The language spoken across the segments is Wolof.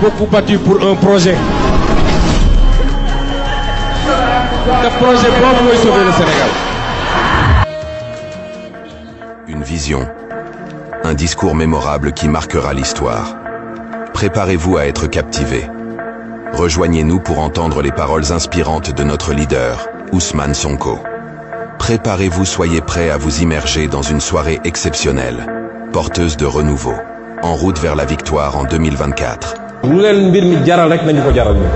beaucoup battu pour un projet un projet pour sauver le Sénégal. Une vision, un discours mémorable qui marquera l'histoire. Préparez-vous à être captivé. Rejoignez-nous pour entendre les paroles inspirantes de notre leader, Ousmane Sonko. Préparez-vous, soyez prêts à vous immerger dans une soirée exceptionnelle, porteuse de renouveau, en route vers la victoire en 2024. lu leen mbir mi jaral rek nañu ko jaral ñu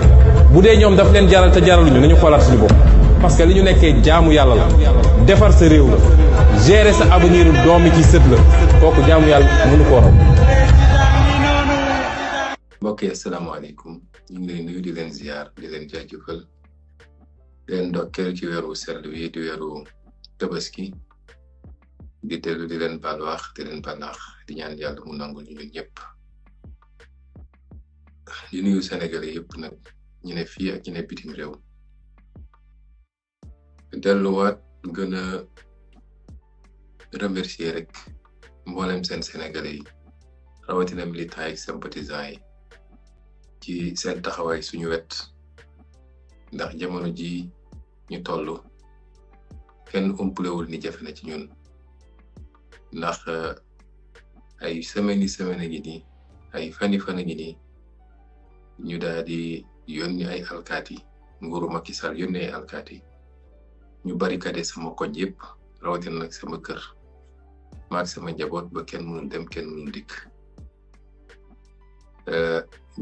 bu dee ñoom daf leen jaral te ñu nañu xoolaat suñu bop parce que li ñu nekké jaamu yalla la défar sa réew la gérer sa avenir doomi ci sët la koku jaamu yalla mënu ko raw mbokk yi alaykum ñu ngi nuyu di leen ziar di leen jajjufal leen ci wéru sell wi di wéru tabaski di dellu di leen baal wax di leen banax di ñaan yalla mu nangul ñu ñëpp di nuyu sénégalais yëpp nag ñu ne fii ak ñu ne bitim réew delluwaat gën gëna remercier rek mboolem seen sénégalais yi rawatina militants yi sympathisant ci taxaway suñu wet ndax jamono ji ñu tollu kenn umpulewul ni kan jafe na ci ñun ndax eh, ay semaine yi semaine ngi ay fani fani ngi ñu daal di yónni ay alkati nguuru Macky Sall yónni ay alkati ñu barikade sama koñ yépp rawatina nag sama kër maag sama njaboot ba kenn mënul dem kenn mënul dikk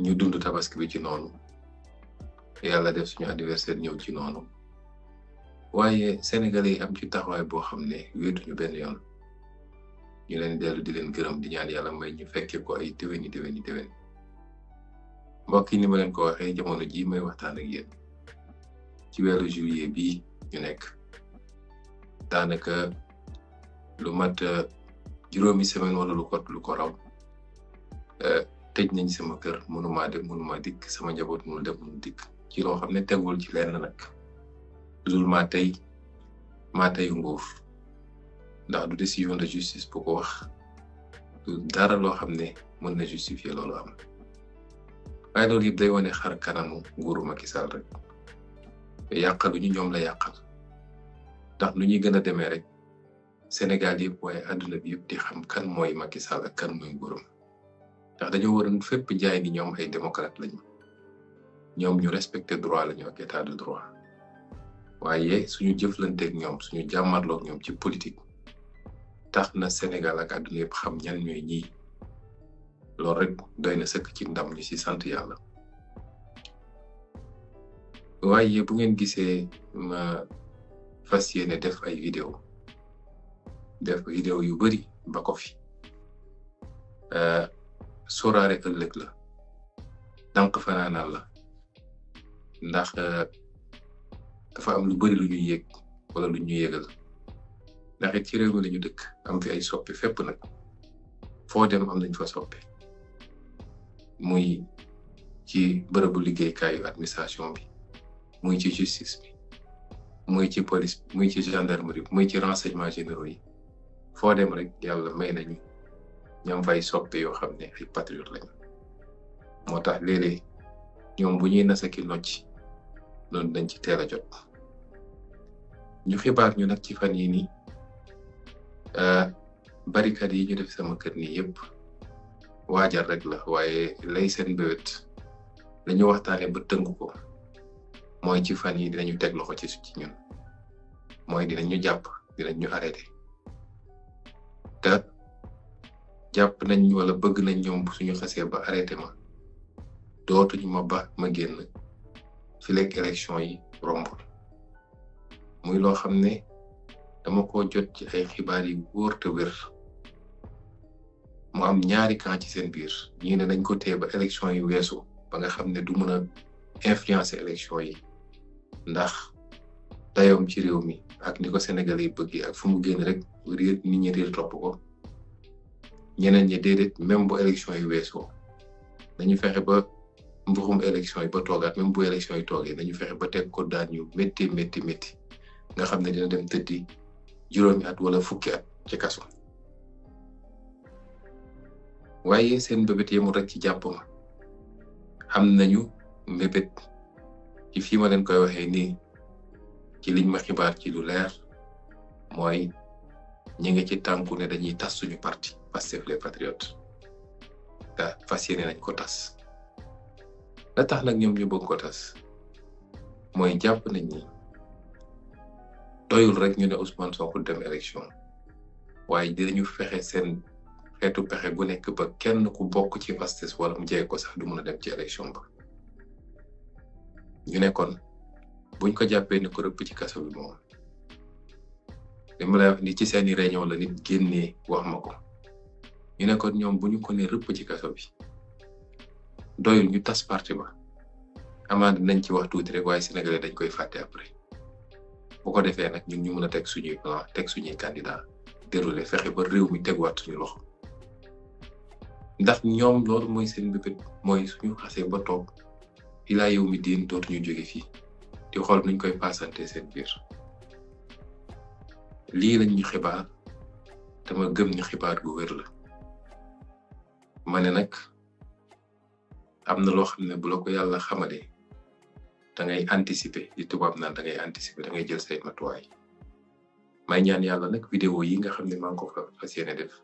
ñu eh, dund tabaski bi ci noonu yàlla ya def suñu anniversaire ñëw ci noonu waaye sénégalais yi am ci taxawaay boo xam ne wéetuñu benn yoon ñu leen dellu di leen gërëm di ñaan yàlla may ñu fekke ko ay teweni eh, teweni teweni mbokk yi ya eh, ni ma leen ko waxee jamono ji may waxtaan ak yéen ci weeru juillet bi ñu nekk daanaka lu mat juróomi semaine wala lu ko lu ko raw tëj nañ sama kër mënuma dem mënuma dikk sama njaboot mënul dem mënul dikk ci loo xam ne tegul ci lenn nag dul maa tey maa tey nguur ndax du décision de justice bu ko wax du dara loo xam ne mën na justifier loolu am waaye loolu yëpp day wane xar kanamu nguuru Macky Sall rek yàqaluñu ñoom la yàqal ndax nu ñuy gën a demee rek Sénégal yëpp waaye àdduna bi yëpp di xam kan mooy Macky Sall kan mooy nguuram ndax dañoo waroon fépp jaay ni ñoom ay démocrate lañu ñoom ñu respecté droit lañu ak état de droit waaye suñu jëflanteeg ñoom suñu jàmmarloog ñoom ci politique tax na Sénégal ak àdduna yëpp xam ñan ñooy ñii. loolu rek doy na sëkk ci ndam ñu si sant yàlla waaye bu ngeen gisee ma fas yéene def ay vidéo def vidéo yu bari ba ko fi euh, sóoraale ëllëg la dànk fanaanal la ndax euh, am lu bari lu ñuy yëg wala lu ñuy yëgal ndax it ci réew mi ñu dëkk am fi ay soppe fépp nag foo dem am nañ fa soppe muy ci bërëbu liggéeykaayu administration bi muy ci justice bi muy ci police bi muy ci gendarmerie bi muy ci renseignement généraux yi foo dem rek yàlla may nañu ñoom fay soppe yoo xam ne ay patriote lañu moo tax léeg-léeg ñoom bu ñuy nasaki ki nocc noonu dañ ci teel a jot ñu xibaar ñu nag ci fan yi nii euh, barricade yi ñu def sama kër nii yëpp waajal rek la waaye lay seen mbéwét la ñu waxtaane ba tënk ko mooy ci fan yi dinañu teg loxo ci ci ñun mooy ñu jàpp dinañu arrêté te jàpp nañ wala bëgg nañ ñoom suñu xasee ba arrêté ma dootuñu ma ba ma génn fi lekk élection yi rombul muy loo xam ne dama ko jot ci ay xibaar yi wóor te wér moo am ñaari camp ci seen biir ñii ne nañ ko téye ba élection yi weesu ba nga xam ne du mën a influencer élection yi ndax dayoom ci réew mi ak ni ko Sénégal yi bëgg ak fu mu génn rek ñi réer topp ko ñeneen ñi déedéet même bu élection yi weesoo nañu fexe ba mbuxum élection yi ba toogaat même bu élection yi toogee nañu fexe ba teg ko daan ñu métti métti métti nga xam ne dina dem tëddi juróomi at wala fukki at ci kaso waaye seen mbébét yemul rek ci jàpp ma xam nañu mbébét ci fii ma leen koy waxee nii ci liñ ma xibaar ci lu leer mooy ñi nga ci tànku ne dañuy tas suñu parti Pastef les patriotes te fas yéene nañ ko tas la tax nag ñoom ñu bëgg ko tas mooy jàpp nañ ni doyul rek ñu ne soo ko dem élection waaye dinañu fexe seen xeetu pexe bu nekk ba kenn ku bokk ci Pastef wala mu jege ko sax du mën dem ci élection ba ñu ne kon buñ ko jàppee ni ko rëpp ci kaso bi moom li ma lay ni ci seeni réunion la nit génnee wax ma ko ñu ne kon ñoom bu ñu ko ne rëpp ci kaso bi doyul ñu tas parti ba amaana nañ ci wax tuuti rek waaye sénégalais dañ koy fàtte après bu ko defee nag ñun ñu mën a teg suñuy plan teg suñuy candidat déroulé fexe ba réew mi teguwaat suñu loxo ndax ñoom loolu mooy seen mbébét mooy suñu xasee ba toog ilaa yow mi diin dootuñu jóge fii di xool nuñ koy paasante seen biir lii lañ ñu xibaar dama gëm ñu xibaar gu wér la ma ne nag am na loo xam ne bu la ko yàlla xamalee da ngay anticiper li tubaab naan da ngay anticiper da ngay jël say matuwaay may ñaan yàlla nag vidéo yi nga xam ne maa ngi ko fas yéene def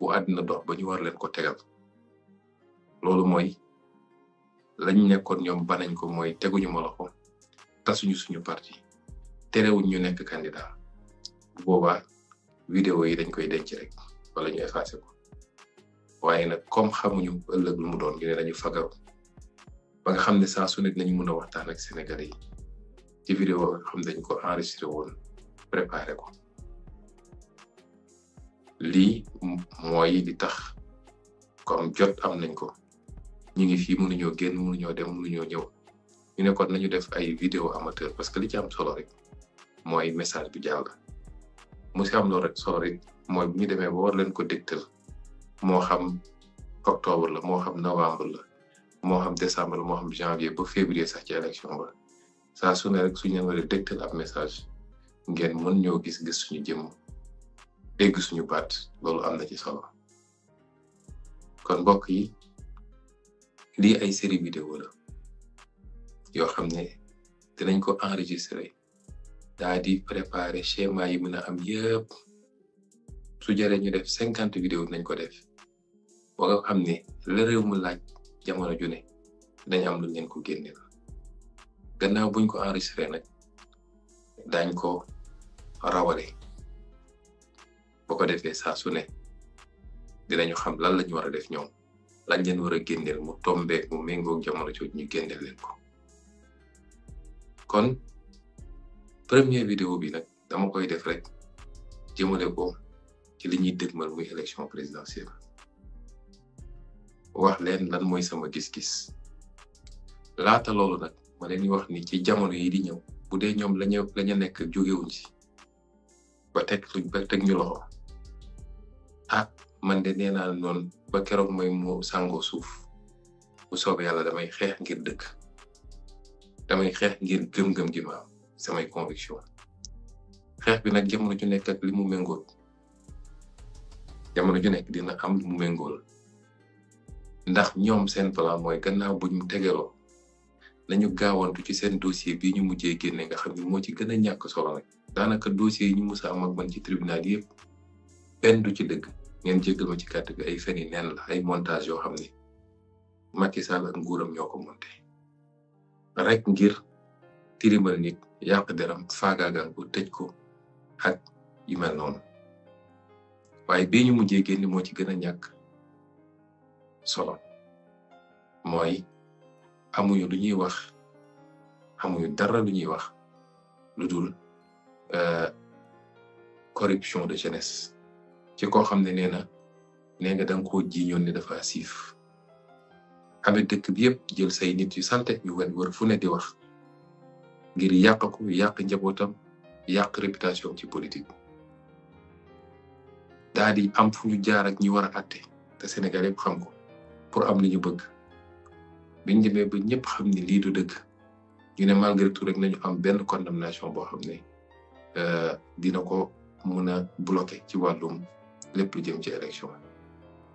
bu àddina dox ba ñu war leen ko tegal loolu mooy lañ nekkoon ñoom banañ ko mooy teguñu ma loxo tasuñu suñu parti terewuñ ñu nekk candidat bu boobaa vidéo yi dañ koy denc rek wala ñu effacé ko waaye nag comme xamuñu ëllëg lu mu doon ñu ne dañu fagaru ba nga xam ne saa su ne dinañ mën a waxtaan ak sénégal yi ci vidéo xam dañ ko enregistré woon ko lii mooy di tax comme jot am nañ ko ñu ngi fii mënuñoo génn mënuñoo dem mënuñoo ñëw ñu ne kon nañu def ay vidéo amateur parce que li ci am solo rek mooy message bu jàll mu si am loolu rek solo rek mooy bu ñu demee ba war leen ko dégtal moo xam octobre la moo xam novembre la moo xam décembre la moo xam janvier ba février sax ci élection ba saa su ne rek suñu leen war a dégtal message ngeen mën ñoo gis gis suñu jëmm dégg suñu baat loolu am na ci solo kon mbokk yi lii ay série vidéo la yoo xam ne nañ ko enregistré daa di préparer schéma yi mën a am yëpp su jaree ñu def cinquante vidéo nañ ko def ba nga xam ne la réew laaj jamono ju ne dañ am lu leen ko génne la gannaaw buñ ko enregistré nag dañ ko rawale boo ko defee saa su ne dinañu xam lan lañu war a def ñoom lañ leen war a génneel mu tombeek mu méngoog jamono jooju ñu génneel leen ko kon première bi nag dama koy def rek jëmale ko ci li ñuy dëgmal muy élection présidentielle wax mooy sama gis-gis laata loolu nag ma leen di wax ni jamono yi di ñëw bu dee ñoom lañu lañu nekk jógewuñ ci ba teg luñ ba ñu loxo ah man de non non ba kérok moy mo sango suuf bu soobee yalla damay xex ngir dëkk damay xex ngir gëm-gëm gi maam samay conviction xex bi nak jamono ju nekk ak limu mengol méngool ju nekk dina am limu mengol ndax ñoom seen plan mooy gannaaw buñ mu tegaloo nañu gaawantu ci seen dossier bi ñu mujjee génne nga xam ne moo ci gën a ñàkk solo nag daanaka dossier yi ñu mus am ak man ci tribunal yépp benn ci dëgg ngeen jéggal ma ci kàddu gi ay fen la ay montage yoo xam ne Macky Sall ak nguuram ñoo rek ngir tirimal nit yàq deram faagaagal ko tëj ko ak yu mel noonu waaye bii ñu mujjee génn moo ci gën a ñàkk solo mooy amuñu lu ñuy wax amuñu dara lu ñuy wax lu dul euh, corruption de jeunesse ci koo xam ne nee na nee nga da nga koo jiiñoon ne dafa siif xame dëkk bi yëpp jël say nit yu salte yu wen wër fu ne di wax ngir yàq ko yàq njabootam yàq réputation ci politique daa di am fu ñu jaar ak ñi war a àtte te Sénégal yëpp xam ko pour am li ñu bëgg biñ demee ba ñëpp xam ni lii du dëgg ñu ne malgré tout rek nañu am benn condamnation boo xam ne euh, dina ko mën a bloqué ci wàllum lépp lu jëm ci élection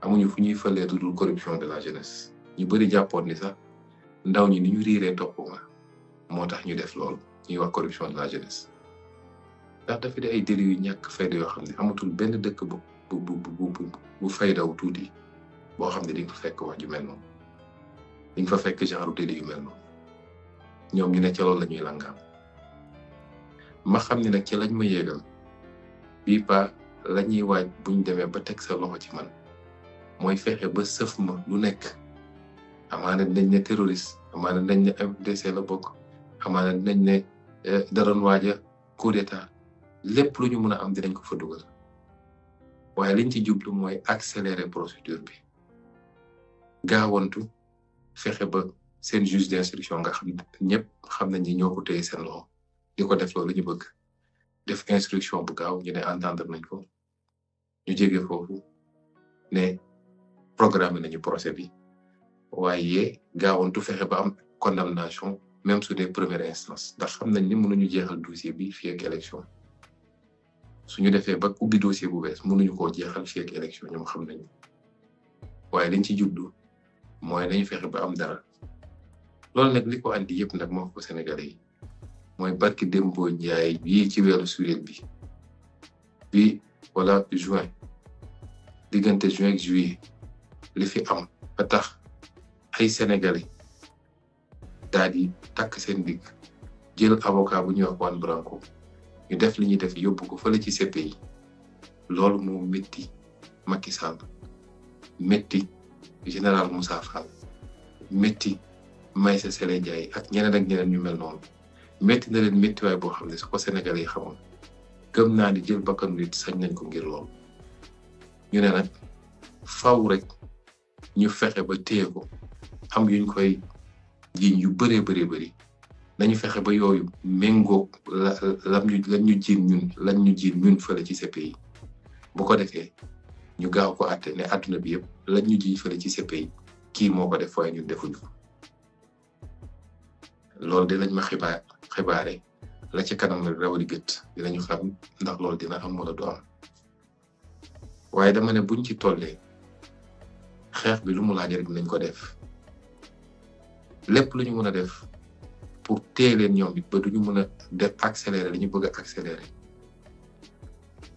amuñu fu ñuy fëlee lu corruption de la jeunesse ñu bëri jàppoon ni sax ndaw ñi ni ñu riiree topp moo tax ñu def loolu ñuy wax corruption de la jeunesse ndax dafa di ay délits yu ñàkk fayda yoo xam ne amatul benn dëkk bu bu bu bu bu faydaw tuuti boo xam ne di nga fa fekk wax ju mel noonu di fa fekk genre délit yu mel noonu ñoom ñu ne ca loolu la ñuy langaam ma xam ne nag ci lañ ma yéegal bii pa la ñuy waaj buñ demee ba teg sa loxo ci man mooy fexe ba sëf ma lu nekk amaana dinañ ne terroriste amaana dinañ ne MDC la bokk amaana dinañ ne eh, daroon waaja coup d'état lépp lu ñu mun a am dinañ ko fa dugal waaye liñ ci jublu mooy accélérer procédure bi gaawantu fexe ba seen juge d'instruction nga xam ñëpp xam nañ ni ñoo ko seen loxo di ko def loolu ñu bëgg def instruction bu gaaw ñu ne entendre nañ ko ñu jégé fofu ne programme nañu procès bi gaawon tu fexé ba am condamnation même sous des premières instances da xam nañ ni ñu jéxal dossier bi fi ak élection suñu défé ba ubbi dossier bu mënu ñu ko jéxal fi ak élection ñoom xam nañ wayé liñ ci juddu moy dañu fexé ba am dara lool nak liko andi yépp nak moko sénégalais yi moy barki dembo ñay bii ci wéru suréel bi bi wala juin diggante juin ak juillet li fi am ba tax ay sénégalais daal di takk seen digg jël avocat bu ñuy wax wan Branco ñu def li ñuy def yóbbu ko fële ci CPI loolu moo métti Macky Sall métti général Moussa Fall métti Maïssa Sélé Ndiaye ak ñeneen ak ñeneen ñu mel noonu métti na leen méttiwaay boo xam ne su ko sénégalais yi xamoon. gëm naa ni jël bakkanu nit sañ nañ ko ngir lool ñu ne nag faw rek ñu fexe ba téye ko am yuñ koy jiiñ yu bëree bëree bëri nañu fexe ba yooyu méngoog la ñu lan ñu jiin ñun ñu jiin ñun fële ci CPI bu ko defee ñu gaaw ko àtte ne àdduna bi yëpp lañ ñu jiiñ fële ci CPI kii moo ko def waaye ñun defuñu ko loolu de lañ ma xibaare la ci kanam nag rawali gët dinañu xam ndax loolu dina am wala du am waaye dama ne buñ ci tollee xeex bi lu mu laaj rek dinañ ko def lépp lu ñu mën a def pour téye leen ñoom mën a def accélérer li ñu bëgg a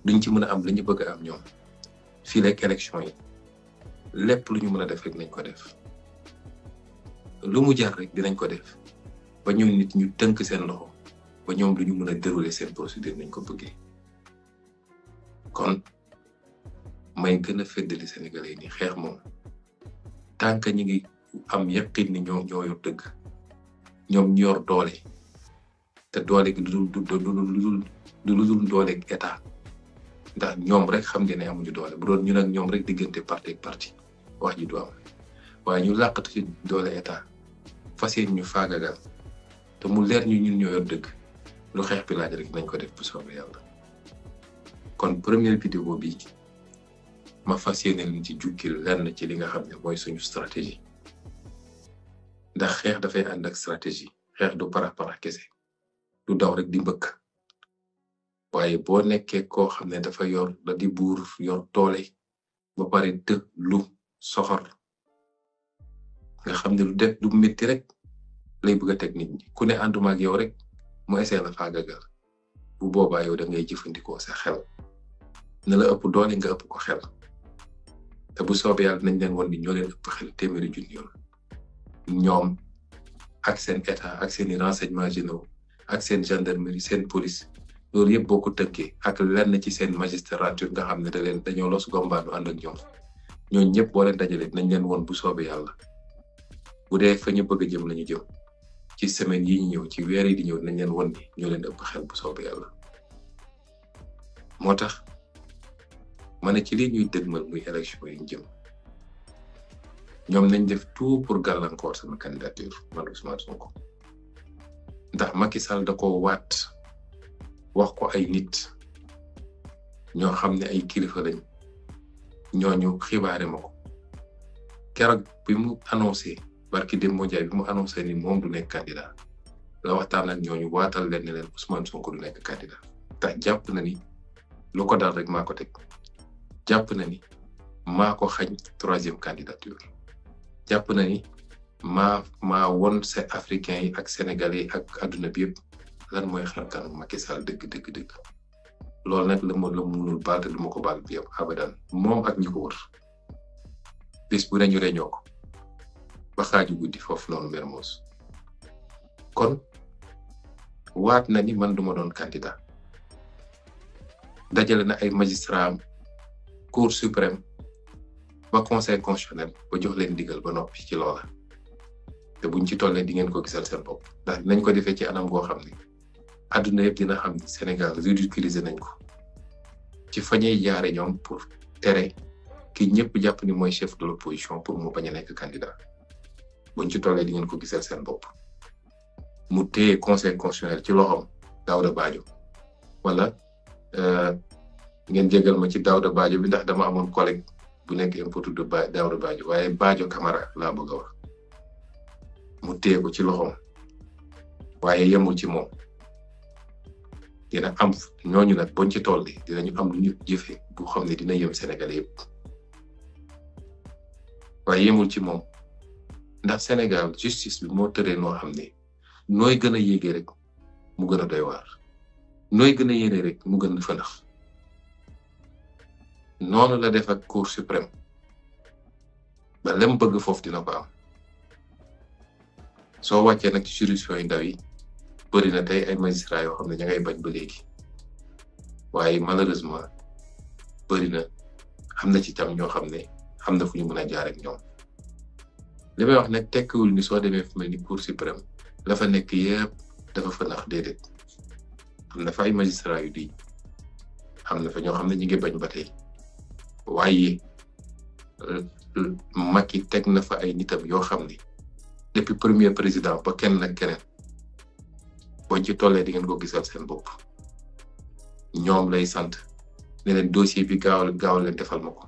duñ ci mën a am li ñu bëgg a am ñoom fii rek élection yi lépp lu ñu mën a def rek nañ ko def lu mu jar rek dinañ ko def ba ñun nit ñu tënk seen loxo ba ñoom du ñu mën a dérouler seen procédure nañ ko bëggee kon may gën a féddali Sénégalais yi ni xeex moom tant que ñu ngi am yaqin ni ñoo dëgg ñoom ñu yor doole te doole gi du du du du du dul doole état ndax ñoom rek xam ngeen ne amuñu doole bu doon ñu ñoom rek diggante parti ak parti wax ji du am waaye ñu làqatu ci doole état fas yéene ñu faagagal te mu leer ñu ñun ñoo dëgg. lu xeex bi laaj rek nañ ko def bu soobee yàlla kon première vidéo bi ma fas yéene leen ci jukkil lenn ci li nga xam ne mooy suñu stratégie ndax xeex dafay ànd ak stratégie xeex du para para kese du daw rek di mbëkk waaye boo nekkee koo xam ne dafa yor la di buur yor doole ba pare të lu soxor nga xam ne lu def du métti rek lay bëgg a teg nit ñi ku ne ànduma ak yow rek mu essayé la faagagal bu boobaa yow da ngay jëfandikoo sa xel na la ëpp doole nga ëpp ko xel te bu soobee yàlla nañ leen woon ni ñoo leen ëpp xel téeméeri junni yoon ñoom ak seen état ak seen renseignement généraux ak seen gendarmerie seen police loolu yëpp boo ko tënkee ak lenn ci seen magistrature nga xam ne da leen dañoo los du ànd ak ñoom ñooñu ñëpp boo leen dajalee nañ leen woon bu soobee yàlla bu dee fa ñu bëgg a jëm lañu jëm. ci semaine yi ñu ñëw ci weer yi di ñëw nañ leen won ni ñoo leen ëpp xel bu soobee yàlla moo tax ma ne ci lii ñuy dëgmal muy élection yi ñu jëm ñoom nañ def tout pour gàllankoor sama candidature man Ousmane ndax Macky Sall da ko waat wax ko ay nit ñoo xam ne ay kilifa lañ ñooñu xibaare ma ko keroog bi annoncé barki dem Ndiaye bi mu annoncé ni mom du nek candidat la waxtan ak ñooñu waatal leen ne leen Ousmane Sonko du nek candidat ta japp na ni lu ko daal rek mako tek japp na ni mako ko 3e candidature japp na ni ma ma won se africain yi ak sénégalais ak aduna bi lan moy xar Macky Sall deug deug dëgg loolu nag la ma la munul baal te du ko baal bi abadan mom ak ñiko wër bis bu ne ñu reñoko ba xaaju guddi foofu mer kon waat na ni man duma doon candidat dajale na ay magistrat cour suprême ba conseil constitutionnel ba jox leen digal ba noppi ci loola te buñ ci tollee di ngeen ko gisal seen bopp ndax ko defee ci anam goo xam ne àdduna yëpp dina xam ni Sénégal ridiculiser nañ ko ci fañey jaare ñoom pour tere ki ñëpp jàpp ni mooy chef de l'opposition pour mu bañ a candidat buñ ci tollee di ngeen ko gisal seen bopp mu téye conseil constitutionnel ci loxoom Daouda Badio wala eh, ngeen jégal ma ci Daouda Badio bi ndax dama amoon collègue bu nekk impotu de ba Daouda Badio waaye Badio Camara laa bëgg a wax mu téye ko ci loxoom waaye yemul ci moom dina am ñooñu nag buñ ci toll dinañu am lu ñu jëfee bu xam ne dina yem Sénégal yëpp waaye yemul ci moom. ndax Sénégal justice bi moo tëree noo xam ne nooy gën a yéegee rek mu gën a doy waar nooy gën a yéegee rek mu gën a fënax noonu la def ak cour suprême ba lem bëgg foofu dina ko am soo wàccee nag ci juridiction yu ndaw yi bëri na tey ay magistrat yoo xam ne ña bañ ba léegi waaye malheureusement bëri na am na ci tam ñoo xam ne xam na fu ñu mën a jaar ak ñoom. li may wax nag tekkiwul ni soo demee fu mel ni cour suprême la fa nekk yëpp dafa fa nax déedéet am na fa ay magistrat yu di am na fa ñoo xam ne ñu ngi bañ ba tey waaye Macky teg na fa ay nitam yoo xam ne depuis premier président ba kenn nag keneen boo ci tollee di ngeen ko gisal seen bopp ñoom lay sant ne leen dossier bi gaaw gaaw leen defal ma ko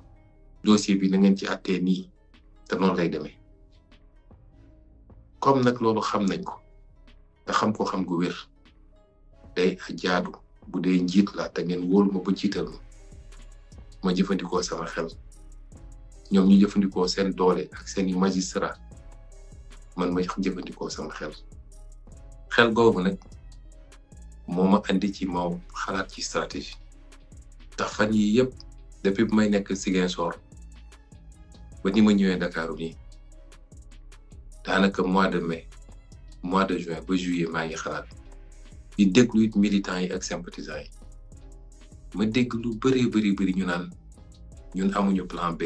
dossier bi na ngeen ci attee nii te noonu lay demee comme nag loolu xam nañ ko te xam ko xam gu wér day jaadu bu dee njiit la te ngeen wóolu ma ba jiital ma jëfandikoo sama xel ñoom ñu jëfandikoo seen doole ak seeni magistrat man ma jëfandikoo sama xel xel googu nag moo ma andi ci maw xalaat ci stratégie ndax fan yi yëpp depuis bu may nekk Ziguinchor ba ni ma ñëwee Dakar nii daanaka mois de mai mois de juin ba juillet maa ngi xalaat di déglu it yi ak sympathisants yi ma dégg lu bëree bëri bëri ñu naan ñun amuñu plan B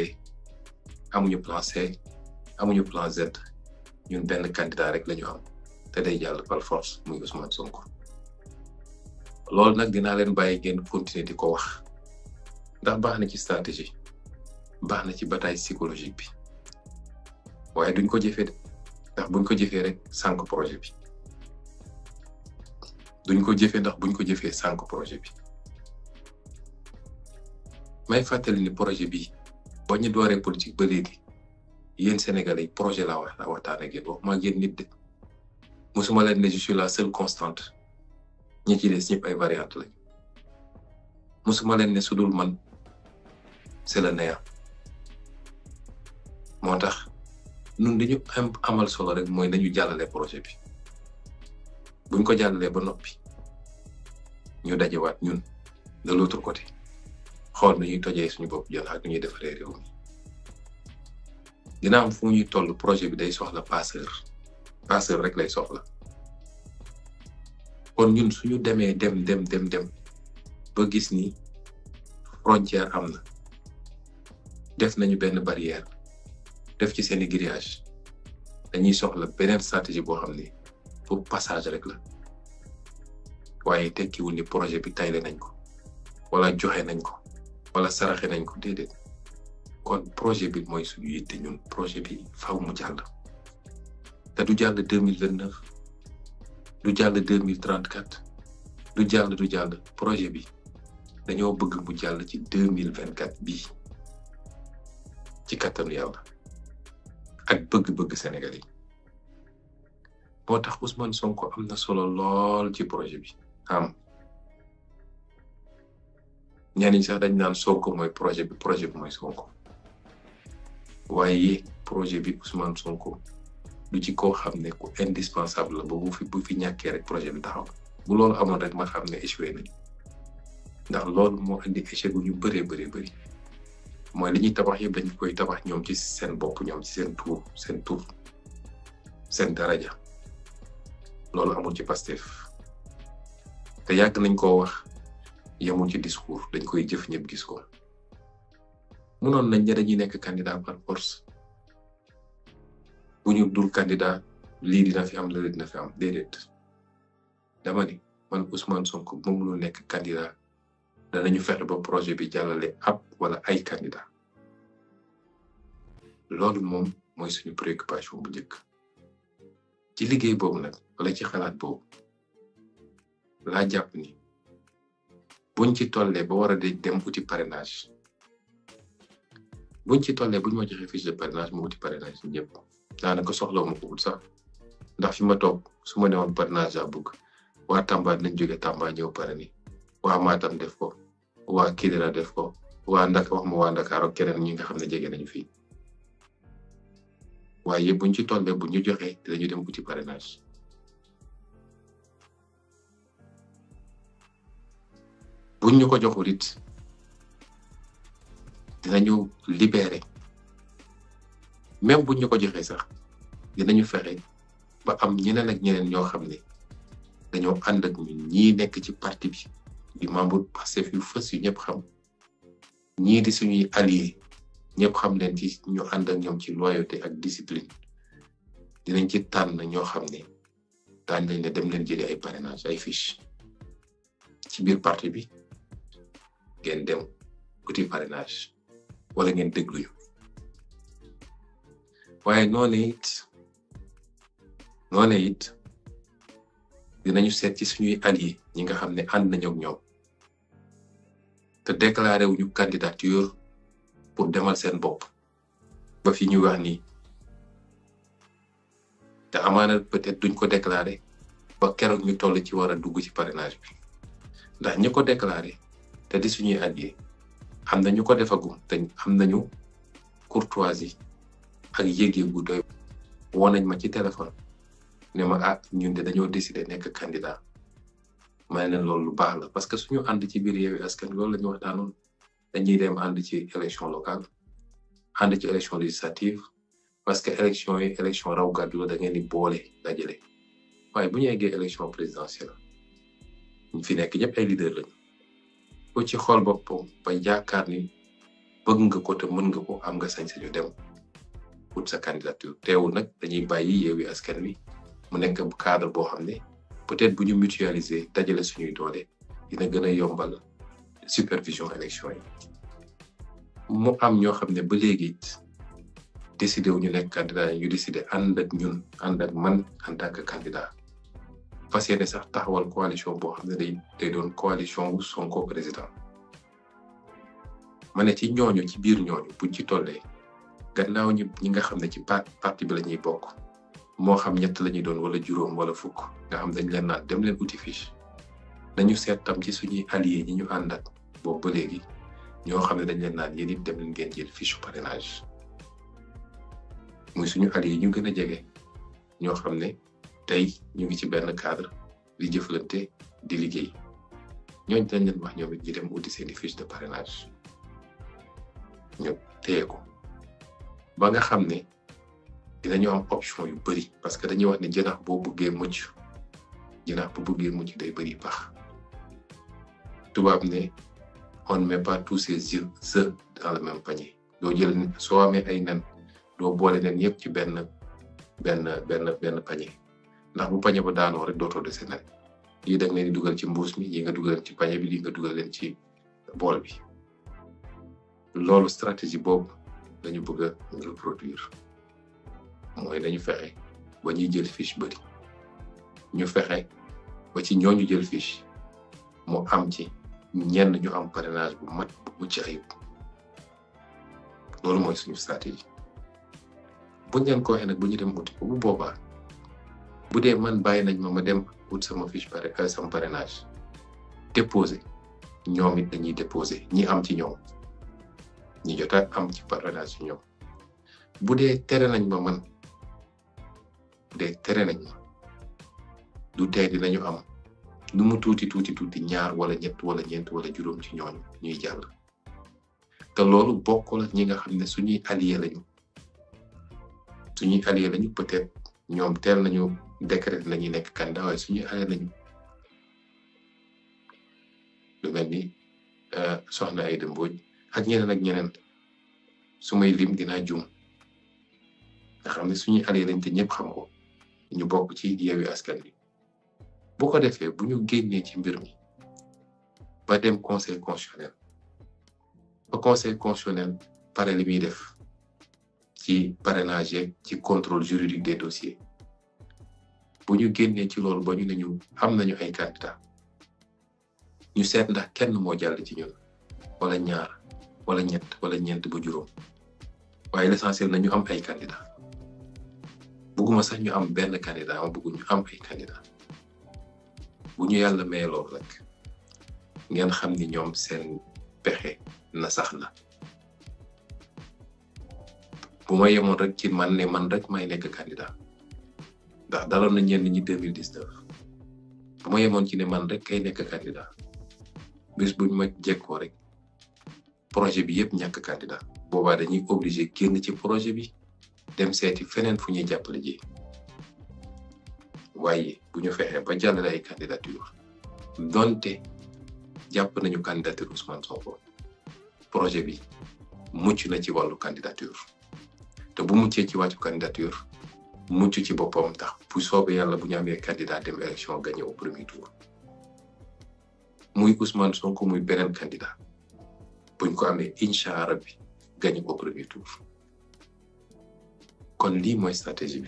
amuñu plan C amuñu plan Z ñun benn candidat rek la ñu am te day jàll par force muy Ousmane Sonko loolu nag dinaa leen bàyyi ngeen continuer di ko wax ndax baax na ci stratégie baax na ci bataille psychologique bi waaye duñ ko jëfee ndax buñ ko jëfee rek sànq projet bi duñ ko jëfee ndax buñ ko jëfee sànq projet bi may fàttali ni projet bi ba ñu dooree politique ba léegi yéen sénégalais projet la wax la waxtaan ak yéen waxuma ak nit de mosuma leen ne je suis la seule constante ñi ci des ñëpp ay variante lañ mosuma leen ne sudul man c'est le néant moo tax ñun dañu amal solo rek mooy nañu jàllale projet bi buñ ko jàllalee ba noppi ñu dajewaat ñun de côté xool nañuy tojee suñu bopp jël ak ñuy defaree réew fu ñuy toll projet bi day soxla passeur passeur rek lay soxla kon ñun suñu demee dem dem dem dem ba gis ni frontière am na def nañu benn barrière def ci seen i grillage dañuy soxla beneen stratégie boo xam ni pour passage rek la waaye tekkiwul ni projet bi tayle nañ ko wala joxe nañ ko wala saraxe nañ ko déedéet kon projet bi mooy suñu te ñun projet bi faw mu jàll te du jàll deux mille vingt neuf du jàll deux mille trente quatre du jàll du jàll projet bi dañoo bëgg mu jàll ci deux mille vingt bii ci kattanu yàlla. ak bëgg-bëgg Sénégal moo tax usman Sonko am na solo lool ci projet bi am ñenn sax dañ naan Sonko mooy projet bi projet mooy Sonko waaye projet bi Ousmane Sonko du ci ko xam ne ku indispensable la ba bu fi bu fi ñàkkee rek projet bi taxaw bu loolu amoon rek ma xam ne échoué nañ ndax loolu moo indi échec gu ñu bëree bëri bëri. moy li ñuy tabax yëpp dañ koy tabax ñom ci sen tu, ñom ci seen tur seen tur seen daraja lolu amul ci pastef te yàgg nañ ko wax yemul ci discours dañ koy jëf ñëpp gis ko munoon nañ ne dañuy nekk candidat par force bu ñu dul candidat li dina fi am lële dina fi am dedet dama ni man Ousmane Sonko ba mënul nekk candidat danañu fexe ba projet bi jàllale ab wala ay candidat loolu moom mooy suñu préoccupation bu njëkk ci liggéey boobu nag wala ci xalaat boobu laa jàpp ni buñ ci tollee ba war a dem uti parrainage buñ ci tollee buñ ma joxee fiche de parrainage mu uti parrainage ñëpp daanaka soxlawu ma ko wut sax ndax fi ma toog suma ma newoon parrainage laa bëgg waa Tamba dinañ jóge Tamba ñëw pare ni waa Matam def ko waa Kidira def ko waa Ndak wax ma waa Ndakaar ak keneen ñi nga xam ne jege nañu fi waaye buñ ci tollee buñ ñu joxe dinañu dem uti parrainage buñ ñu ko joxul it dinañu libéré même buñ ñu ko joxe sax dinañu fexe ba am ñeneen ak ñeneen ñoo xam ne dañoo ànd ak ñun ñii nekk ci parti bi. di membre Pastef yu fës yu ñëpp xam ñii di suñuy allié ñëpp xam leen ci ñu ànd ñoom ci loyauté ak discipline dinañ ci tànn ñoo xam ne daañ lañ ne dem leen jëli ay parrainage ay fiche ci biir parti bi ngeen dem uti parrainage wala ngeen déglu ñu waaye noonu it dinañu seet ci suñuy alliés ñi nga xam ne ànd nañu ak ñoom te déclaré wuñu candidature pour demal seen bopp ba fi ñu wax nii te amaana peut-être duñ ko déclaré ba keroog ñu toll ci war a dugg ci parrainage bi ndax ñu ko déclaré te di suñuy alliés am na ñu ko defagum te am nañu courtoisie ak yéeg bu doy woon nañ ma ci téléphone. ne ma ah ñun de dañoo décider nekk candidat ma ne loolu lu baax la parce que suñu ànd ci biir Yewwi Askan Wi loolu la ñu waxtaanoon dañuy dem ànd ci élection locale ànd ci élection législative parce que élection yi élection raw gàddu la da ngeen di boole dajale waaye bu ñu eggee élection présidentielle ñu fi nekk ñëpp ay leader lañu ko ci xool boppam ba yaakaar ni bëgg nga ko te mën nga ko am nga sañ-sañu dem pour sa candidature teewul nag dañuy bàyyi Yewwi Askan Wi. mu nekk cadre boo xam ne peut-être bu ñu mutualiser dajale suñuy doole dina gën a yombal supervision élection yi mu am ñoo xam ne ba léegi décidé wu ñu nekk candidat ñu décidé ànd ak ñun ànd ak man en tant que candidat fas yéene sax taxawal coalition boo xam ne day day doon coalition wu ko président ma ne ci ñooñu ci biir ñooñu buñ ci tollee gannaaw nga xam ci parti bi la bokk moo xam ñett la ñuy doon wala juróom wala fukk nga xam dañ leen naan dem leen uti fiche dañu seet tam ci suñuy alliés ñi ñu àndat boobu ba léegi ñoo xam ne dañ leen naan yéen it dem leen ngeen jël fiche parrainage muy suñu alliés ñu gën a jege ñoo xam ne tey ñu ngi ci benn kadr di jëflante di liggéey ñooñ dañ leen wax ñoom it dem uti seeni fiche de parrainage ñu téye ba nga xam ne dinañu am option yu bëri parce que dañuy wax ne jënax boo bëggee mucc jënax bu bëggee mucc day bëri pax tubaab ne on ne met pas tous ses œufs dans le même jël soo amee ay nen doo boole nen yëpp ci benn benn benn benn panier ndax bu pañe ba daanoo rek dootoo dese nen yii da nga leen di dugal ci mbuus mi yi nga dugal ci pañe bi li nga dugal leen ci bool bi loolu stratégie boobu dañu bëgg a reproduire mooy nañu fexe ba ñuy jël fiche bari ñu fexe ba ci ñooñu jël fiche mu am ci ñenn ñu am parrainage bu mat bu mucc ayib loolu mooy suñu stratégie buñ leen ko waxee nag bu ñu dem uti ko bu boobaa bu dee man bàyyi nañ ma ma dem ut sama fiche pare euh, sama parrainage déposé ñoom it dañuy déposé ñi am ci ñoom ñi jot a am ci parrainage ci ñoom bu dee tere nañ ma man. bu tere nañ ma du tey nañu am nu mu tuuti tuuti tuuti ñaar wala ñett wala ñeent wala juróom ci ñooñu ñuy jàll te loolu bokkul ak ñi nga xam ne suñuy allié lañu suñuy allié lañu peut-être ñoom teel nañu décret lañuy nekk candidat waaye suñuy allié lu mel ni euh, soxna ay dëmbooj ak ñeneen ak ñeneen sumay may lim dinaa juum nga xam ne suñuy allié lañ te ñëpp xam ko ñu bokk ci yeewi askan bi bu ko defee bu ñu génnee ci mbir mi ba dem conseil constitutionnel ba conseil constitutionnel pare li muy def ci parrainage ci contrôle juridique des dossiers bu ñu génnee ci loolu ba ñu ne ñu am nañu ay candidat ñu seet ndax kenn moo jall ci ñun wala ñaar wala ñett wala ñeent ba juróom waaye l'essentiel na ñu am ay candidat bëgguma sax ñu am benn candidat ma bëgg ñu am ay candidat bu ñu yàlla may loolu rek ngeen xam ni ñoom seen pexe na sax na bu ma yemoon rek ci man ne man rek may nekk candidat ndax daloon na ñenn ñi deux mille dix neuf bu ma yemoon ci ne man rek kay nekk candidat bis buñ ma jekkoo rek projet bi yëpp ñàkk candidat boobaa dañuy obligé génn ci projet bi dem seeti feneen fu ñuy jàppale ji waaye bu ñu fexee ba jàllale ay candidature donte jàpp nañu candidature Ousmane Sonko projet bi mucc na ci wàllu candidature te bu muccee ci wàccu candidature mucc ci boppam tax bu soobee yàlla bu ñu amee candidat dem élection gagné au premier tour muy Ousmane Sonko muy beneen candidat buñ ko amee incha rabbi gagné au premier tour. kon lii mooy stratégie bi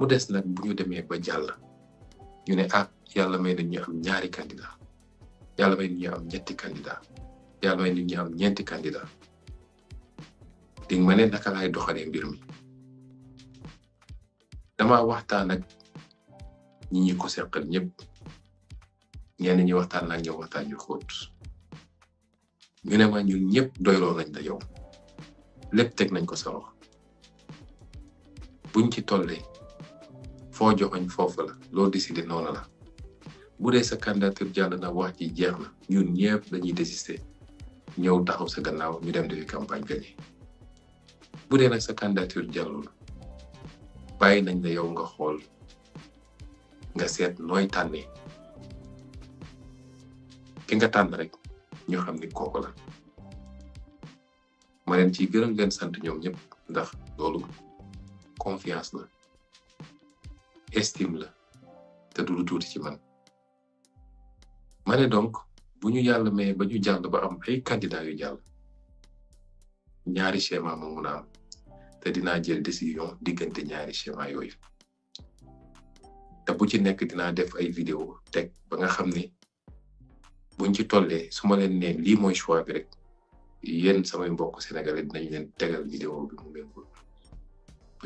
mu des nag bu ñu demee ba jàll ñu ne ah yàlla may nañ ñu am ñaari candidat yàlla may nañ ñu am ñeenti candidat di ma ne naka laay doxalee mbir mi dama waxtaan ak ñi ñu ko seqal ñëpp ñenn ñi waxtaan ak ñoom waxtaan yu xóot ñu ne ma ñun ñëpp doyloo nañ la yow lépp teg nañ ko sa buñ ci tollee foo joxoñ foofu la loo décidé noonu la bu dee sa candidature jàll na wax ci jeex na ñun ñëpp dañuy désister ñëw taxaw sa gannaaw ñu dem defi campagne gañe bu dee nag sa candidature jàllul bàyyi nañ la yow nga xool nga seet nooy tànnee ki nga tànn rek ñu xam ni kooku la ma leen ciy gërëm leen sant ñoom ñëpp ndax loolu confiance la estime la te du tuuti ci man ma ne donc bu ñu yàlla mais ba ñu jàll ba am ay candidats yu jàll ñaari schéma ma mun te dinaa jël décision diggante ñaari schéma yooyu te ci nekk dinaa def ay vidéo teg ba nga xam ne buñ ci tollee su ma leen ne lii mooy choix bi rek yéen samay mbokk sénégalais dinañ leen tegal vidéo bi mu leen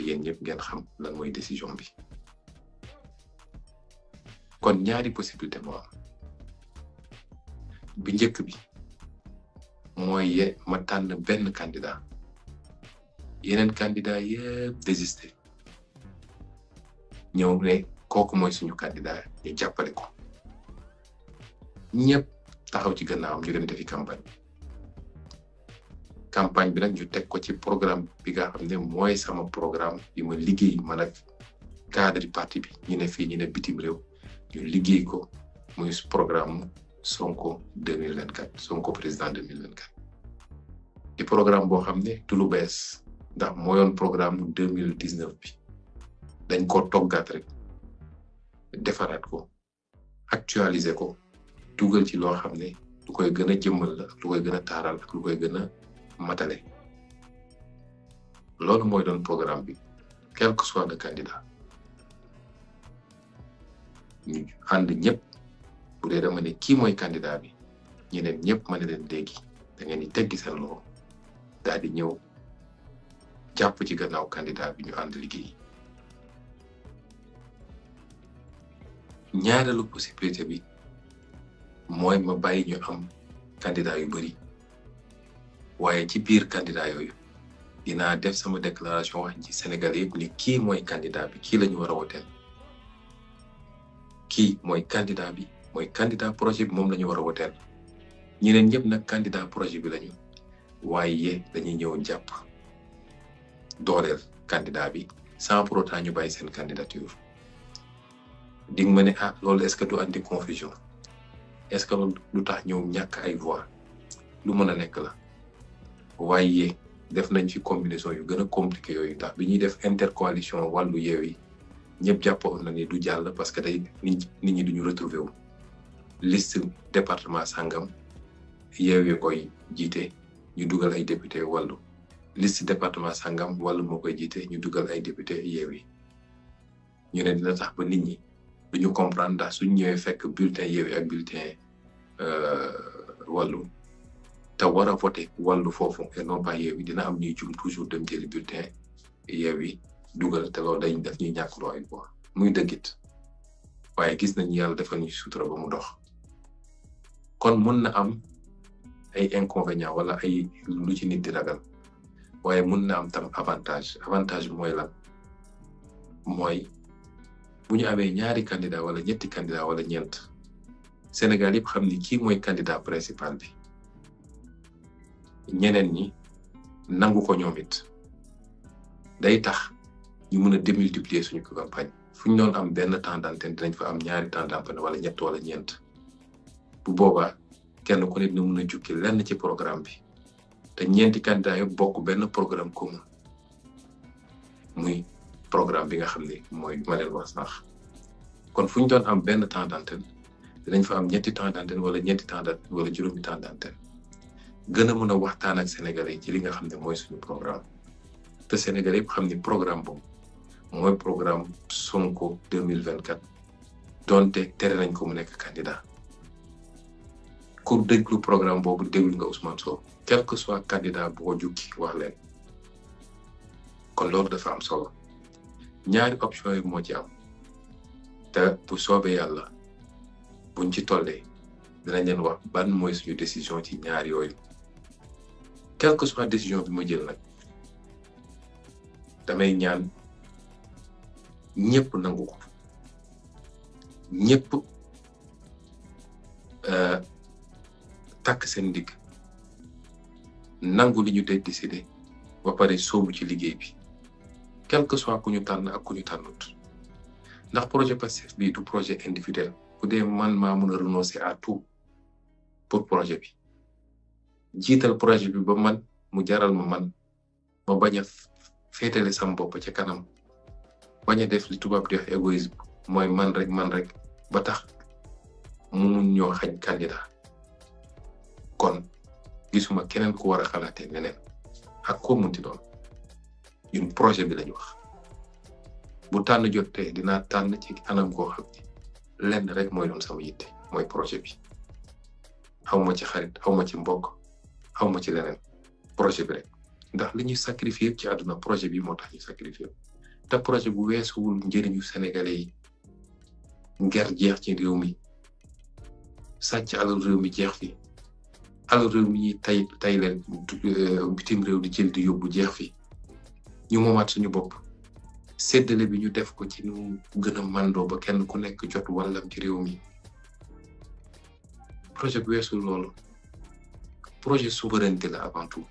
yéen ñëpp ngeen xam lan mooy décision bi kon ñaari possibilité moo am bi njëkk bi mooy ye ma tànn benn candidat yeneen candidat yëpp désisté ñëw ne kooku mooy suñu candidat ñu jàppale ko ñëpp taxaw ci gannaawam ñu dem fi campagne campagne bi nag ju teg ko ci programme bi nga xam ne mooy sama programme bi ma liggéey mana ak parti bi ñu ne fii ñu ne bitim réew ñu liggéey ko muy programme Sonko 2024 Sonko président 2024 di programme boo xam ne du lu bees ndax mooyoon programme de mille dix neuf bi dañ ko toggaat rek defaraat ko actualiser ko dugal ci loo xam ne lu koy gën a jëmmal la ak lu koy gën a taaral ak lu koy gën a matale loolu mooy doon programme bi quel que soit le candidat ñu ànd ñëpp bu dee dama ne kii mooy candidat bi ñeneen ñëpp ma ne leen déggi da ngeen di teggi seen loxo daal di ñëw jàpp ci gannaaw candidat bi ñu ànd liggéey ñaareelu possibilité bi mooy ma bàyyi ñu am candidat yu bari waaye ci biir candidat yooyu dinaa def sama déclaration wax ci Sénégal yëpp ni kii mooy candidat bi kii la ñu war a woteel kii mooy candidat bi mooy candidat projet bi moom la war a woteel ñeneen ñëpp nag candidat projet bi lañu waaye dañuy ñëw jàpp dooleel candidat bi sans pour autant ñu bàyyi seen candidature di ma ne ah loolu est-ce que du andi confusion est-ce que loolu du tax ñëw ñàkk ay voix lu mën a nekk la. waaye def nañ fi combinaison yu gën a compliqué yooyu tax bi ñuy def intercoalition wallu yeew yi ñëpp jàppoon na ni du jàll parce que day nit nit ñi duñu retrouver wu liste département sangam yeew yi koy jiite ñu dugal ay député wàllu liste département sangam wàllu moo koy jiite ñu dugal ay député yeew yi ñu ne dina tax ba nit ñi duñu comprendre ndax suñ ñëwee fekk bulletin yeew yi ak bulletin euh, wàllu te war a voté wàllu foofu et non pas dina am ñuy jum toujours dem jëli bulletin yeewi dugal te loolu dañ def ñuy ñàkk loo ay voix muy dëggit waaye gis nañu yàlla defal ñu sutura ba mu dox kon mun na am ay inconvénients wala ay lu ci nit di ragal waaye mun na am tam avantage avantage bi mooy lan mooy bu ñu amee ñaari candidat wala ñetti candidat wala ñeent Sénégal yëpp xam ni kii mooy candidat principal bi ñeneen ñi nangu ko ñoom it day tax ñu mën a démultiplier suñu ko campagne fu ñu doon am benn temps d'antenne dinañ fa am ñaari temps d'antenne wala ñett wala ñeent bu boobaa kenn ku ne dina mën a jukki lenn ci programme bi te ñeenti candidats bokk benn programme commun muy programme bi nga xam ne mooy ma leen wax sax kon fu ñu doon am benn temps d'antenne dinañ fa am ñetti temps d'antenne wala ñeenti temps d'antenne wala juróomi temps d'antenne gën a mën a waxtaan ak Sénégalais yi ci li nga xam ne mooy suñu programme te Sénégalais yëpp xam ni programme boobu mooy programme Sonko deux mille vingt quatre donte tere nañ ko mu nekk candidat ku déglu programme boobu déglu nga Ousmane Sow quel que soit candidat boo jukki wax leen kon loolu dafa am solo ñaari option yi moo ci am te bu soobee yàlla buñ ci tollee dinañ leen wax ban mooy suñu décision ci ñaari yooyu. quelle kan que soit décision bi ma jël nag damay ñaan ñepp nangu ko euh tak sen dig nangu li ñu tay décider ba paré sóobu ci liggéey bi quel kan que soit ku ñu tan ak ku ñu tànnut ndax projet passif bi du projet individuel man ma mëna renoncer à tout pour projet bi Jital projet bi ba man mu jaral ma man ma baña a féetale sama bopp ca kanam baña def li tubab di égoïsme moy man rek man rek ba tax mu ñu xaj candidat kon gisuma keneen ku wara xalaté neneen ak ko munti doon ñun projet bi lañ wax bu tan jotté dina tan ci anam goo xamni lenn rek moy doon sama yitté moy projet bi xawma ci xarit xawma ci mbokk xaw ma ci leneen projet bi rek ndax li ñuy sacrifier ci àdduna projet bi moo tax ñu sacrifier te projet bu weesuwul njëriñu sénégalais yi nger jeex ci réew mi sàcc alal réew mi jeex fi alal réew mi ñuy tay tay leen euh, bitim réew di jël di yóbbu jeex fi ñu moomaat suñu bopp séddale bi ñu def ko ci nu gën a mandoo ba kenn ku nekk jot wàllam ci réew mi projet bu weesul loolu projet souveraineté là avant tout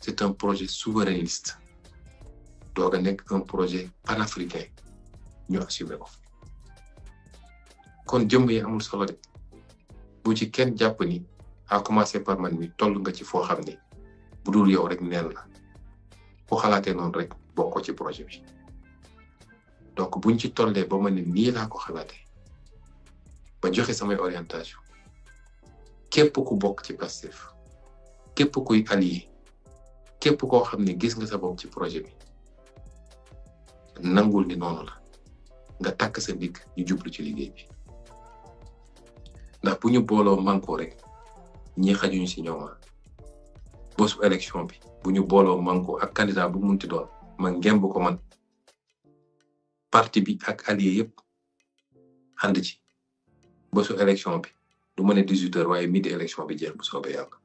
c'est un projet souverainiste Donc, on est un projet panafricain Nous assumer ko kon jëmm yi amul solo de bu ci kenn a commencé par man tout le nga ci foo xam ni bu dul yow rek neen la ku xalaatee noonu rek projet bi donc buñ ci tollee ba ma ne nii laa ko xalaatee ba joxe samay orientation képp ku bokk ci Pastef képp kuy allié képp koo xam ne gis nga sa bopp ci projet bi nangul ni noonu la nga takk sa ndigg ñu jublu ci liggéey bi ndax bu ñu booloo mankoo rek ñi xajuñu si ñooma ah. bosu élection bi bu ñu booloo mankoo ak candidat bu munti doon ma ngemb ko man parti bi ak allié yëpp ànd ci bosu élection bi du ma ne dix huit heures waaye midi bi jeex bu soobee yàlla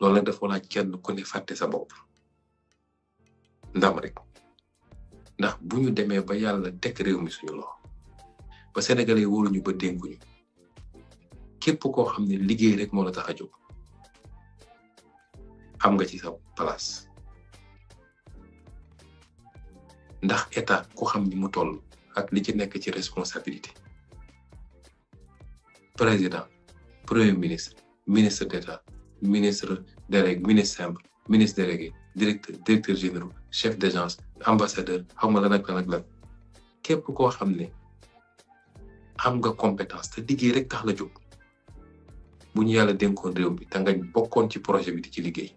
loolu nag dafa laaj kenn ko ne fàtte sa bopp ndam rek ndax bu ñu demee ba yàlla teg réew mi suñu loxo ba sénégalais wóoruñu ba dénkuñu képp koo xam ne liggéey rek moo la tax a jóg am nga ci sa place ndax état ku xam ni mu toll ak li ci nekk ci responsabilité président premier ministre ministre d'État ministre délégué ministre simple ministre délégué directeur directeur général chef d'agence ambassadeur xaw ma lan ak lan ak lan képp koo xam ne am nga compétence te liggéey rek tax la jóg bu ñu yàlla dénkoon réew mi te nga bokkoon ci projet bi di ci liggéey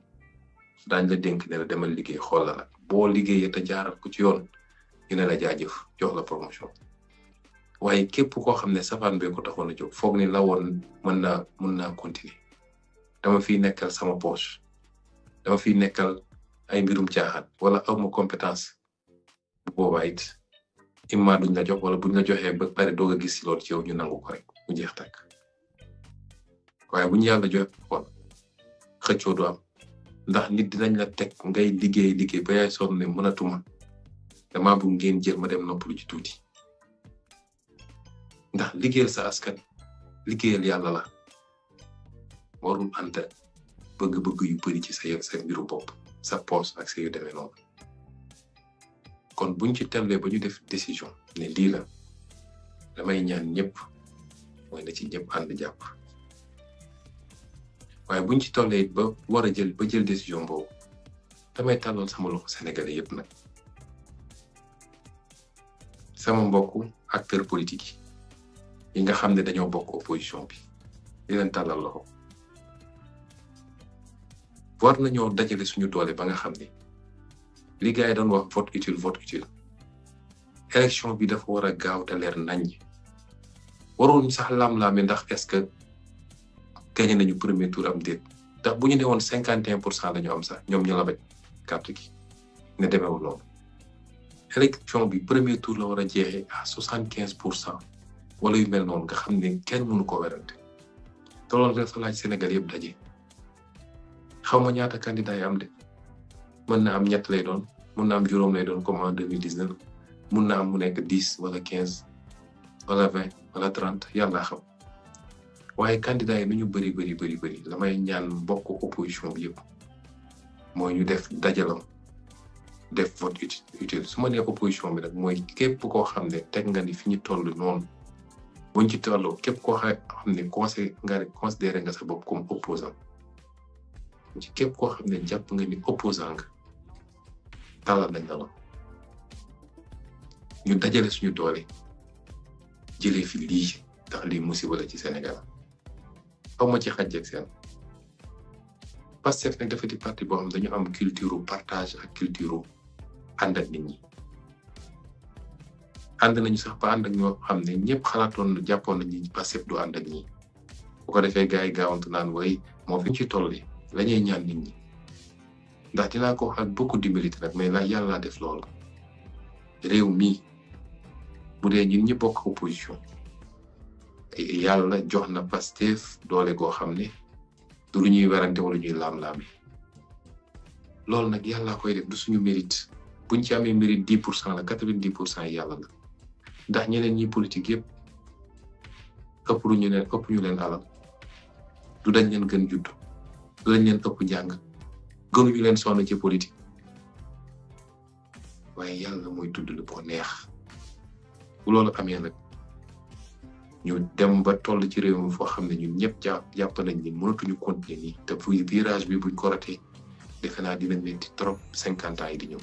daañu la dénk ne la demal liggéey xool la nag boo liggéeyee te jaaral ko ci yoon ñu ne la jaajëf jox la promotion waye képp koo xam ne safaan bee ko taxoon a jóg foog ni la woon mën naa mën naa continuer dama fiy nekkal sama poche dama fiy nekkal ay mbirum caaxaan wala awma compétence bu boobaa it imma duñ la jox wala buñ la joxee ba pare doog a gis loolu ci yow ñu nangu ko rek mu jeex tàkk waaye buñ yàlla joxe xool xëccoo du am ndax nit dinañ la teg ngay liggéey liggéey ba yaay sonn mënatuma damaa bu ngeen jël ma dem noppalu ci tuuti ndax liggéeyal sa askan liggéeyal yàlla ya la warul ànd bëgg-bëgg yu bëri ci sa sa mbiru bopp sa poos ak sa yu demee noonu kon buñ ci tellee ba ñu def décision ne lii la damay ñaan ñëpp mooy na ci ñëpp ànd jàpp waaye buñ ci tollee ba war a jël ba jël décision boobu damay tàllal sama loxo sénégalais yëpp nag sama mbokk acteur politique yi yi nga xam ne dañoo bokk opposition bi di leen tàllal loxo war nañoo dajale suñu doole ba nga xam ne li gars yi doon wax vote utile vote utile élection bi dafa war a gaaw te leer naññ waroon sax laam-laame ndax est-ce que gagné nañu premier tour am déet ndax bu ñu ne woon cinquante pour cent la ñu am sax ñoom ñu la bañ gi ne demeewul loolu élection bi premier tour la war a jeexee à soixante quinze pour cent wala yu mel noonu nga xam ne kenn munu ko werante te loolu dafa laaj Sénégal yëpp daje xaw ñaata candidat yi am de mën na am ñett lay doon mën na am juróom lay doon comme en deux mille dix neuf mën na am mu nekk dix wala quinze wala vingt wala trente yàlla xam waaye candidat yi nu ñu bëri bëri bëri ñaan bokk opposition bi yëpp mooy ñu def dajalam def vote utile su ma nee opposition bi nag mooy képp koo xam ne teg nga ni fi ñu toll noonu. buñ ci tolloo képp koo xam ne conseil nga ne considéré nga sa bopp comme opposant képp koo xam ne jàpp nga ni opposant nga talal nañ la ñu dajale suñu doole jëlee fi lii ndax lii musiba la ci Sénégal xaw ma ci xaj seen Pastef nag dafa di parti boo xam dañu am culture partage ak culture ànd ak nit ñi and nañu sax ba and ak ñoo xamne ñepp xalaatoon na jappoon nañu Pastef do and ak ñi bu ko defee gaay yi naan way moo fi ci tolli lañuy ñaan nit ñi ndax dinaa ko wax ak beaucoup d'humilité nag mais la yàlla def loolu réew mi bu dee ñun ñi bokk opposition yàlla jox na Pastef doole goo xam ne du lu ñuy werante wala ñuy laam-laami loolu nag yàlla koy def du suñu mérite buñ ci amee mérite 10% la 90% vingt yàlla la ndax ñeneen ñi politique yépp ëpp ñu leen ëpp ñu leen alal du dañ leen gën judd du dañ leen ëpp jàng ñu leen sonn ci politique waaye yàlla mooy tudd lu ko neex bu loolu amee nag ñu dem ba toll ci réew mi foo xam ne ñun ñëpp jàpp jàpp nañ ni mënatuñu continuer nii te fuy virage bi buñ ko ratee defe naa dina metti trop cinquante ans yi di ñëw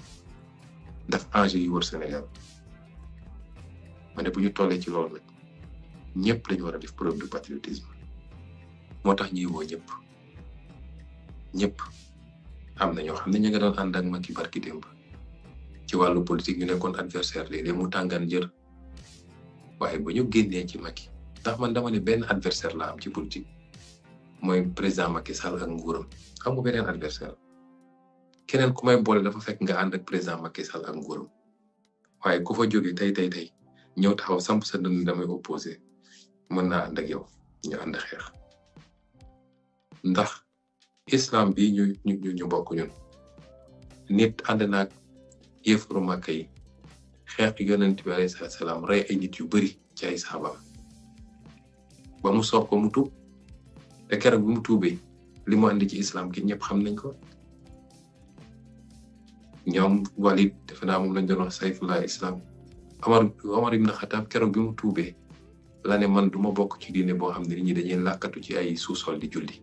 daf enjeu yi wër Sénégal ma ne bu ñu tollee ci loolu rek ñëpp lañu war a def preuve de patriotisme moo tax ñuy woo ñëpp ñëpp am na ñoo xam ne ñu nga doon ànd ak Macky barki démb ci wàllu politique ñu nekkoon adversaire léeg-léeg mu tàngaan jër waaye bu ñu génnee ci Macky ndax man dama ne benn adversaire la am ci politique mooy président maki Sall ak nguuram xam nga beneen adversaire keneen ku may boole dafa fekk nga ànd ak président maki Sall ak nguuram waaye ko fa jógee tey tey tey ñëw taxaw samp sa dënn damay opposé mën naa ànd ak yow ñu ànd xeex ndax islam bi ñu ñu ñu bokk ñun nit ànd naag yëfaru màkk yi xeex yonent bi alayhi salaatu salaam rey ay nit yu bari ci ay saabaam ba ko mu tuub te keroog bi mu tuubee li mu andi ci islam gi ñëpp xam nañ ko ñoom Walid defe naa moom lañ doon wax sayfullah islam Omar Omar ibn Khattab keroog bi mu tuubee la ne man du ma bokk ci diine boo xam ne nit ñi dañuy làkkatu ci ay suusol di julli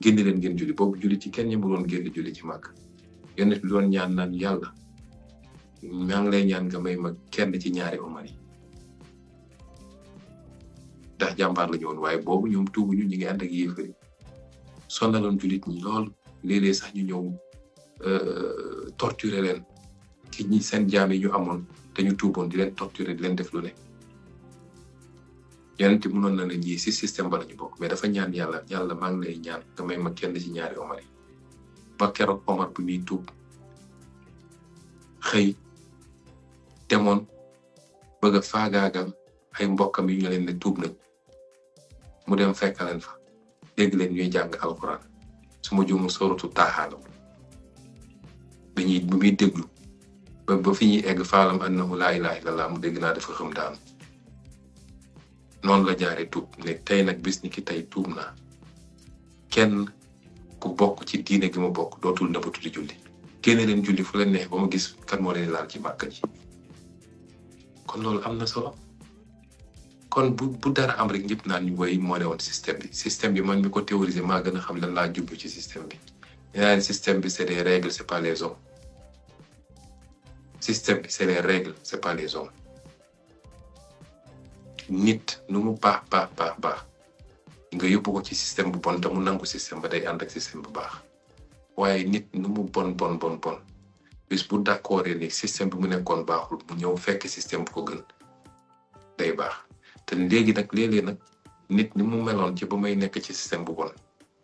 génn leen ngeen juli boobu julli ci kenn ñëmul woon génn julli ci màgg yonent bi doon ñaan naan yàlla maa ngi lay ñaan nga may ma kenn ci ñaari Omar yi ndax jàmbaar la ñu woon waaye boobu ñoom tuubuñu ñu ngi ànd ak yéefar yi sonaloon jullit ñi lool léeg sax ñu ñëw euh, torturer leen ki ñi seen jaam yi ñu amoon te ñu tuuboon di leen torturer di leen def lu ne yeneen ti mënoon na ne ñii si système ba la ñu bokk mais dafa ñaan yàlla yàlla maa ngi lay ñaan nga may ma kenn ci ñaari Omar yi ba keroog Omar bu ñuy tuub xëy demoon bëgg a faagaagal ay mbokkam yu ñu leen ne tuub nañ mu dem fekk leen fa dégg leen ñuy jàng alquran su ma juumul sooratu taaxaalaw dañuy bu muy déglu. ba ba fi ñuy egg faalam annahu laa ilaaha illallah mu dégg naa dafa xam daanu noonu la jaare tuub ne tey nag bis ni ki tey tuub naa kenn ku bokk ci diine gi ma bokk dootul nëbbatu di julli génne leen julli fu leen neex ba ma gis kan moo leen laal ci màkk kon loolu am na soo kon bu bu dara am rek ñëpp naan ñu woy moo ne woon système bi système bi man mi ko théoriser maa gën a xam lan laa jublu ci système bi ñu naan système bi c'est des règles c'est pas les système bi c'est les règles c'est pas les hommes nit nu mu baax baax baax baax nga yóbbu ko ci système bu bon te mu nangu système ba day and ak système bu baax Waye nit nu mu bon bon bon bon bis bu d'accordé ni système bi mu nekkoon baaxul mu ñew fekk système bu ko gën day baax te légui nak lélé nak nit ni mu meloon ci bu may nekk ci système bu bon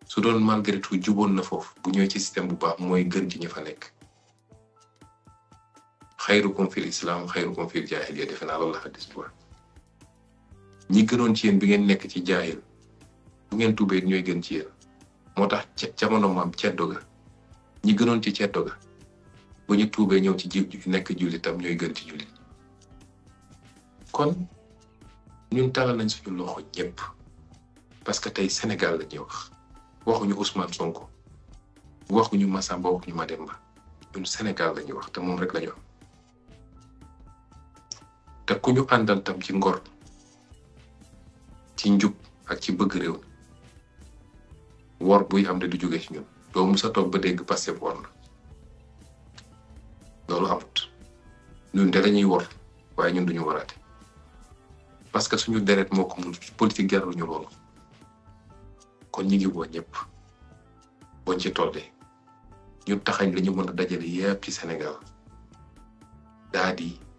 su doon malgré tout juboon na foofu bu ñew ci système bu baax moy gën ci ñi fa nekk xayrukum fil islam xayrukum fil jaahiliya defe naa loolu la xadis bi ñi gënoon ci yéen bi ngeen nekk ci jaahil bu ngeen tuubee ñooy gën ci yéen moo tax ca jamono maam ceddo ga ñi gënoon ci ceddo ga bu ñu tuubee ñëw ci ji nekk jullitam ñooy gën ci jullit kon ñun talal nañ suñu loxo ñëpp parce que tey senegal la ñuy wax waxuñu Ousmane Sonko waxuñu Massamba waxuñu Mademba ñun senegal la wax te moom rek la ñu te kuñu andal tam ci ngor ci njub ak ci bëgg réew wor buy am da du jóge ci ñun doo sa toog ba dégg passé wor na loolu amut ñun de lañuy wor waaye ñun duñu waraate parce que suñu deret moo ko mun politique ñu loolu kon ñi ngi woo ñëpp boñ ci tollee ñu taxañ li ñu mën a dajale yépp ci Sénégal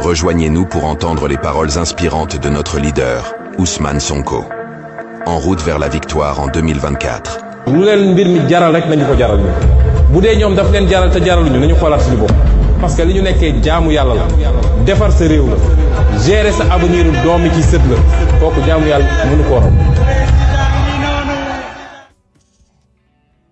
Rejoignez-nous pour entendre les paroles inspirantes de notre leader, Ousmane Sonko. En route vers la victoire en 2024.